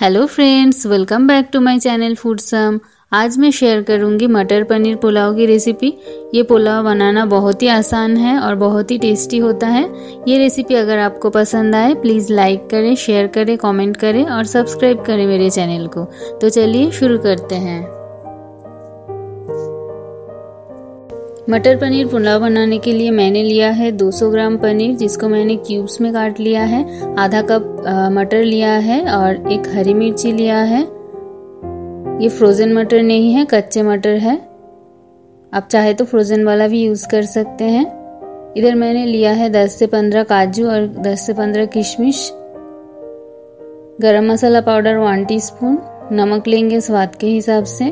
hello friends welcome back to my channel food sum आज मैं share करूंगी मटर पनीर पुलाव की रेसिपी ये पुलाव बनाना बहुत ही आसान है और बहुत ही टेस्टी होता है ये रेसिपी अगर आपको पसंद आए प्लीज़ लाइक करें शेयर करें कमेंट करें और सब्सक्राइब करें मेरे चैनल को तो चलिए शुरू करते हैं मटर पनीर पुलाव बनाने के लिए मैंने लिया है 200 ग्राम पनीर जिसको मैंने क्यूब्स में काट लिया है आधा कप मटर लिया है और एक हरी मिर्ची लिया है ये फ्रोज़न मटर नहीं है कच्चे मटर है आप चाहे तो फ्रोज़न वाला भी यूज़ कर सकते हैं इधर मैंने लिया है 10 से 15 काजू और 10 से 15 किशमिश गरम मसाला पाउडर वन टीस्पून नमक लेंगे स्वाद के हिसाब से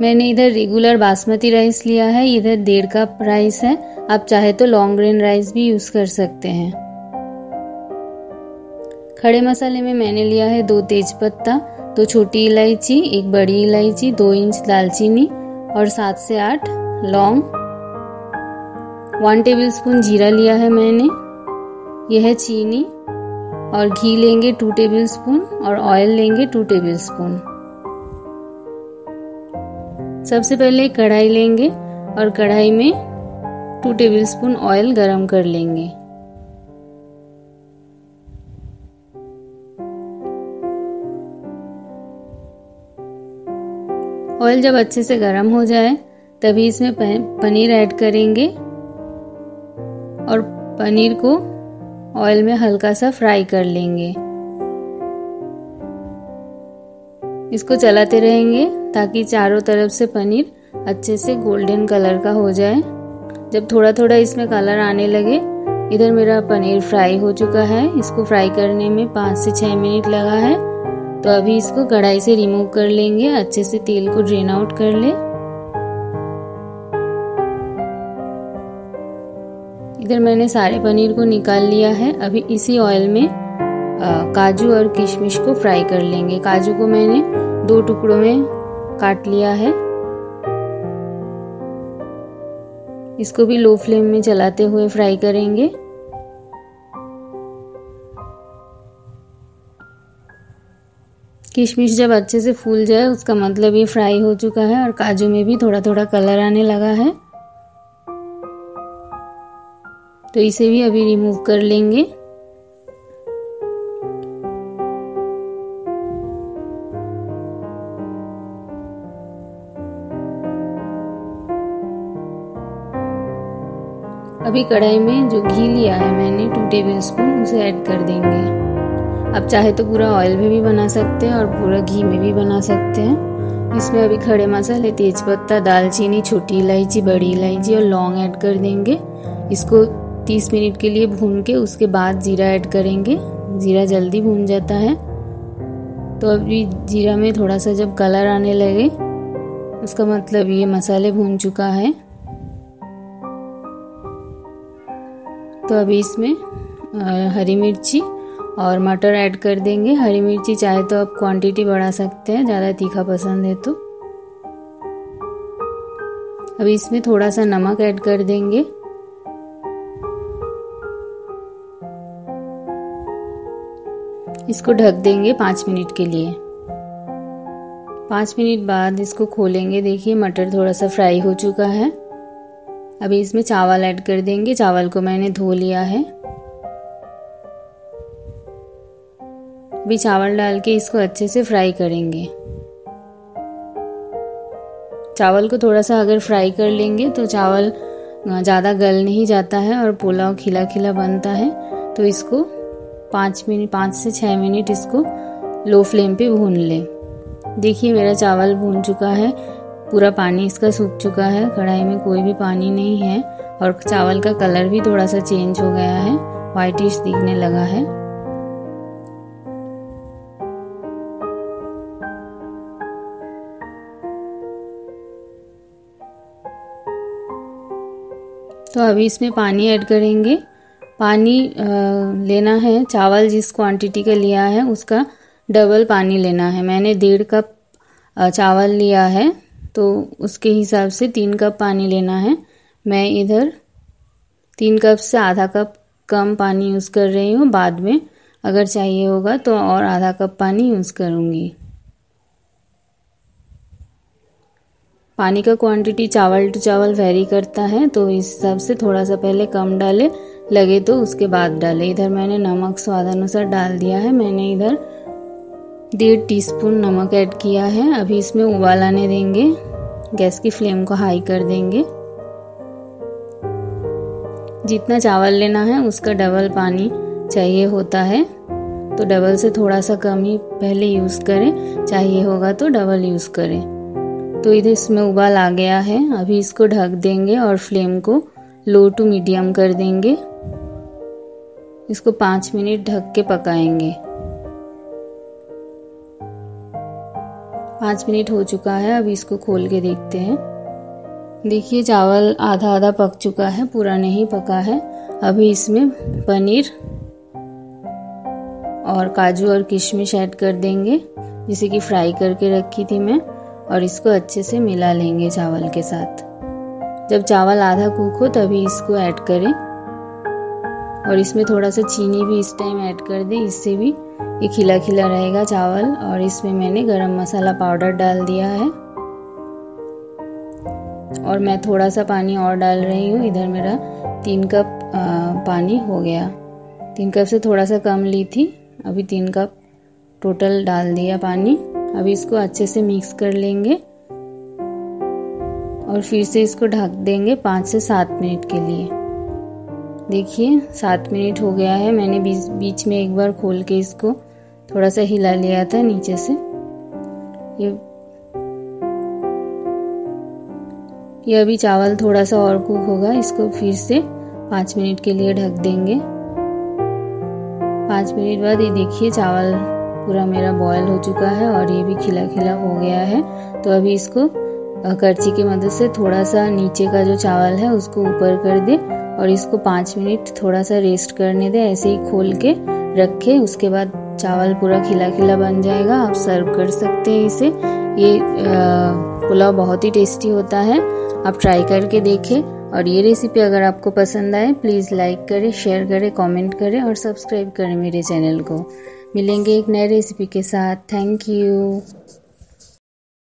मैंने इधर रेगुलर बासमती राइस लिया है इधर डेढ़ कप राइस है आप चाहे तो लॉन्ग ग्रेन राइस भी यूज़ कर सकते हैं खड़े मसाले में मैंने लिया है दो तेज पत्ता दो छोटी इलायची एक बड़ी इलायची दो इंच दालचीनी और सात से आठ लौंग वन टेबल स्पून जीरा लिया है मैंने यह है चीनी और घी लेंगे टू टेबल स्पून और ऑयल लेंगे टू टेबल स्पून सबसे पहले कढ़ाई लेंगे और कढ़ाई में टू टेबल स्पून ऑयल गरम कर लेंगे ऑयल जब अच्छे से गर्म हो जाए तभी इसमें पनीर ऐड करेंगे और पनीर को ऑयल में हल्का सा फ्राई कर लेंगे इसको चलाते रहेंगे ताकि चारों तरफ से पनीर अच्छे से गोल्डन कलर का हो जाए जब थोड़ा थोड़ा इसमें कलर आने लगे इधर मेरा पनीर फ्राई हो चुका है इसको फ्राई करने में पाँच से छः मिनट लगा है तो अभी इसको कढ़ाई से रिमूव कर लेंगे अच्छे से तेल को ड्रेन आउट कर ले इधर मैंने सारे पनीर को निकाल लिया है अभी इसी ऑयल में काजू और किशमिश को फ्राई कर लेंगे काजू को मैंने दो टुकड़ों में काट लिया है इसको भी लो फ्लेम में चलाते हुए फ्राई करेंगे किशमिश जब अच्छे से फूल जाए उसका मतलब ये फ्राई हो चुका है और काजू में भी थोड़ा थोड़ा कलर आने लगा है तो इसे भी अभी रिमूव कर लेंगे अभी कढ़ाई में जो घी लिया है मैंने टू टेबल स्पून उसे ऐड कर देंगे आप चाहे तो पूरा ऑयल में भी बना सकते हैं और पूरा घी में भी बना सकते हैं इसमें अभी खड़े मसाले तेज़पत्ता दालचीनी छोटी इलायची बड़ी इलायची और लौंग ऐड कर देंगे इसको 30 मिनट के लिए भून के उसके बाद जीरा ऐड करेंगे जीरा जल्दी भून जाता है तो अभी जीरा में थोड़ा सा जब कलर आने लगे उसका मतलब ये मसाले भून चुका है तो अभी इसमें हरी मिर्ची और मटर ऐड कर देंगे हरी मिर्ची चाहे तो आप क्वांटिटी बढ़ा सकते हैं ज़्यादा तीखा पसंद है तो अब इसमें थोड़ा सा नमक ऐड कर देंगे इसको ढक देंगे पाँच मिनट के लिए पाँच मिनट बाद इसको खोलेंगे देखिए मटर थोड़ा सा फ्राई हो चुका है अभी इसमें चावल ऐड कर देंगे चावल को मैंने धो लिया है अभी चावल डाल के इसको अच्छे से फ्राई करेंगे चावल को थोड़ा सा अगर फ्राई कर लेंगे तो चावल ज़्यादा गल नहीं जाता है और पुलाव खिला खिला बनता है तो इसको पाँच मिनट पाँच से छः मिनट इसको लो फ्लेम पे भून लें देखिए मेरा चावल भून चुका है पूरा पानी इसका सूख चुका है कढ़ाई में कोई भी पानी नहीं है और चावल का कलर भी थोड़ा सा चेंज हो गया है वाइटिश दिखने लगा है तो अभी इसमें पानी ऐड करेंगे पानी लेना है चावल जिस क्वांटिटी का लिया है उसका डबल पानी लेना है मैंने डेढ़ कप चावल लिया है तो उसके हिसाब से तीन कप पानी लेना है मैं इधर तीन कप से आधा कप कम पानी यूज़ कर रही हूँ बाद में अगर चाहिए होगा तो और आधा कप पानी यूज़ करूँगी पानी का क्वांटिटी चावल टू चावल वेरी करता है तो इस हिसाब से थोड़ा सा पहले कम डाले लगे तो उसके बाद डाले इधर मैंने नमक स्वाद अनुसार डाल दिया है मैंने इधर डेढ़ टीस्पून नमक ऐड किया है अभी इसमें उबाल आने देंगे गैस की फ्लेम को हाई कर देंगे जितना चावल लेना है उसका डबल पानी चाहिए होता है तो डबल से थोड़ा सा कम ही पहले यूज़ करें चाहिए होगा तो डबल यूज़ करें तो इधर इसमें उबाल आ गया है अभी इसको ढक देंगे और फ्लेम को लो टू मीडियम कर देंगे इसको पाँच मिनट ढक के पकाएंगे पाँच मिनट हो चुका है अब इसको खोल के देखते हैं देखिए चावल आधा आधा पक चुका है पूरा नहीं पका है अभी इसमें पनीर और काजू और किशमिश ऐड कर देंगे जिसे कि फ्राई करके रखी थी मैं और इसको अच्छे से मिला लेंगे चावल के साथ जब चावल आधा कुक हो तभी इसको ऐड करें और इसमें थोड़ा सा चीनी भी इस टाइम ऐड कर दें इससे भी ये खिला खिला रहेगा चावल और इसमें मैंने गरम मसाला पाउडर डाल दिया है और मैं थोड़ा सा पानी और डाल रही हूँ इधर मेरा तीन कप पानी हो गया तीन कप से थोड़ा सा कम ली थी अभी तीन कप टोटल डाल दिया पानी अभी इसको अच्छे से मिक्स कर लेंगे और फिर से इसको ढक देंगे पाँच से सात मिनट के लिए देखिए सात मिनट हो गया है मैंने बीच बीच में एक बार खोल के इसको थोड़ा सा हिला लिया था नीचे से ये ये अभी चावल थोड़ा सा और कुक होगा इसको फिर से पाँच मिनट के लिए ढक देंगे पाँच मिनट बाद ये देखिए चावल पूरा मेरा बॉयल हो चुका है और ये भी खिला खिला हो गया है तो अभी इसको करछी की मदद से थोड़ा सा नीचे का जो चावल है उसको ऊपर कर दे और इसको पाँच मिनट थोड़ा सा रेस्ट करने दें ऐसे ही खोल के रखें उसके बाद चावल पूरा खिला खिला बन जाएगा आप सर्व कर सकते हैं इसे ये पुलाव बहुत ही टेस्टी होता है आप ट्राई करके देखें और ये रेसिपी अगर आपको पसंद आए प्लीज़ लाइक करें शेयर करें कमेंट करें और सब्सक्राइब करें मेरे चैनल को मिलेंगे एक नए रेसिपी के साथ थैंक यू